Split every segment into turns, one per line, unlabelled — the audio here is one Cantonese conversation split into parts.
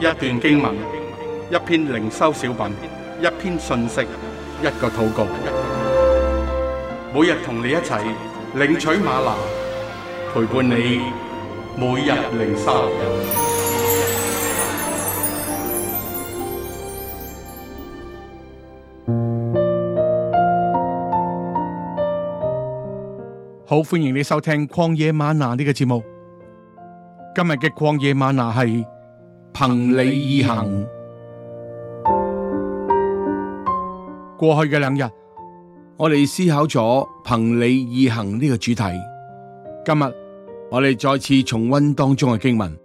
一段經文，一篇靈修小品，一篇信息，一個禱告。每日同你一齊領取嗎哪，陪伴你每日靈修。好，歡迎你收聽曠野嗎哪呢個節目。今日嘅曠野嗎哪係。憑你意行。過去嘅兩日，我哋思考咗憑你意行呢個主題。今日我哋再次重溫當中嘅經文。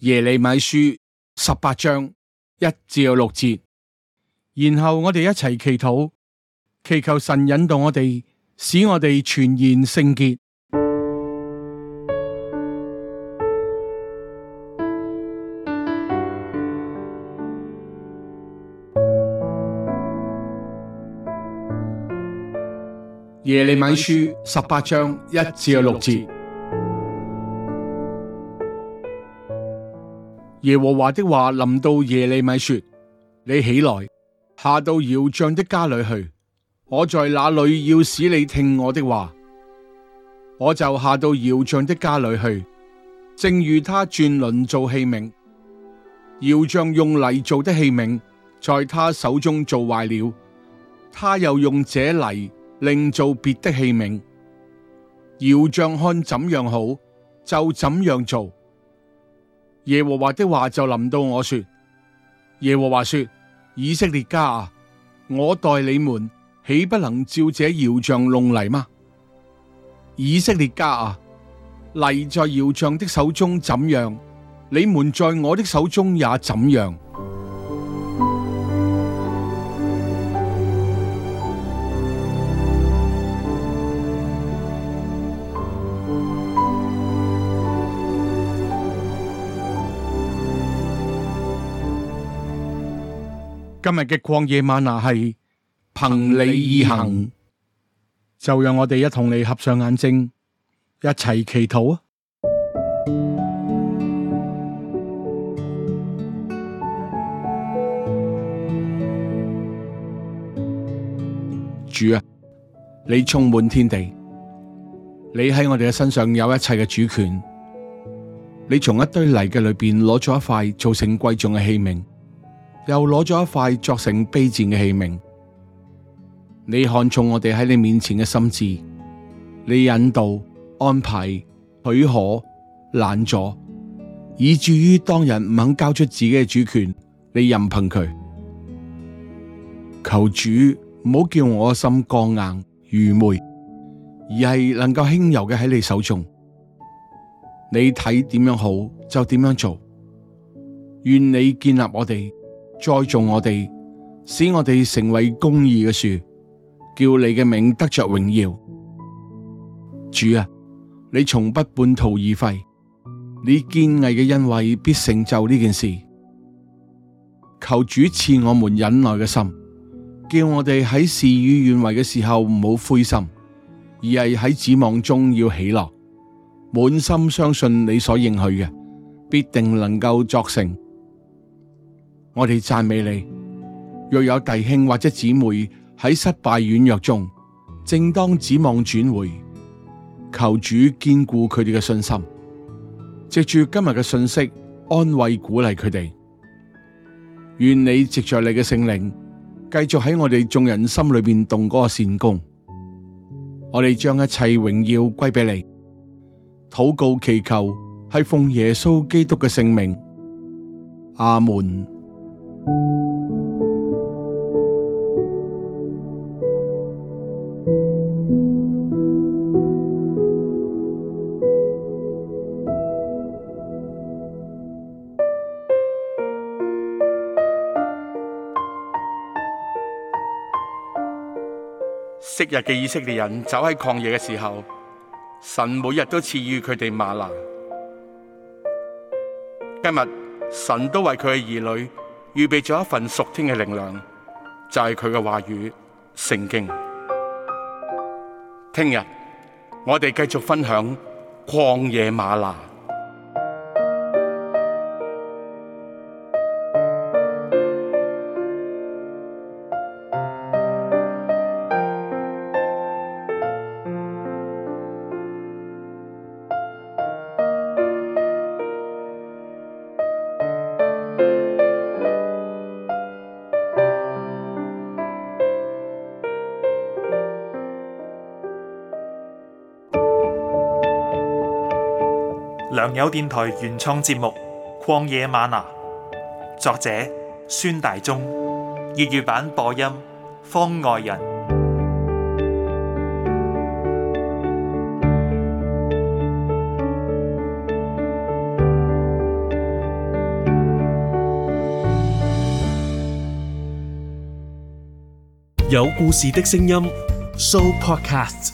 耶利米書十八章一至六節。然後我哋一齊祈禱，祈求神引導我哋，使我哋全然聖潔。耶利米書十八章一至六節，耶和華的話臨到耶利米說：你起來下到窑匠的家裏去，我在那裏要使你聽我的話，我就下到窑匠的家裏去。正如他轉輪做器皿，窑匠用泥做的器皿在他手中做壞了，他又用這泥。另做別的器皿，窯匠看怎樣好就怎樣做。耶和華的話就臨到我說：耶和華說，以色列家啊，我待你們豈不能照這窯匠弄泥嗎？以色列家啊，泥在窯匠的手中怎樣，你們在我的手中也怎樣。今日嘅曠野嗎哪，係憑你意行，行就讓我哋一同你合上眼睛，一齊祈禱啊！主啊，你充滿天地，你喺我哋嘅身上有一切嘅主權，你從一堆泥嘅裏邊攞咗一塊，做成貴重嘅器皿。又攞咗一塊作成卑賤嘅器皿。你看重我哋喺你面前嘅心智，你引導、安排、許可、攔阻，以至於當人唔肯交出自己嘅主權，你任憑佢。求主唔好叫我心剛硬愚昧，而係能夠輕柔嘅喺你手中。你睇點樣好就點樣做。願你建立我哋。栽種我哋，使我哋成為公義嘅樹，叫你嘅名得着榮耀。主啊，你從不半途而廢，你堅毅嘅恩惠必成就呢件事。求主賜我們忍耐嘅心，叫我哋喺事與願違嘅時候唔好灰心，而係喺指望中要喜樂，滿心相信你所應許嘅必定能夠作成。我哋讚美你。若有弟兄或者姊妹喺失敗軟弱中，正當指望轉回，求主堅固佢哋嘅信心。藉住今日嘅信息，安慰鼓勵佢哋。願你藉着你嘅聖靈，繼續喺我哋眾人心裏邊動嗰個善功。我哋將一切榮耀歸俾你。禱告祈求係奉耶穌基督嘅聖名。阿門。昔日嘅以色列人走喺曠野嘅時候，神每日都賜予佢哋嗎哪。今日神都為佢嘅兒女。預備咗一份屬天嘅靈糧，就係佢嘅話語《聖經》。聽日我哋繼續分享曠野嗎哪。良友電台原創節目《曠野嗎哪》，作者孫大中，粵語版播音方外人，有故事的聲音，Show Podcast。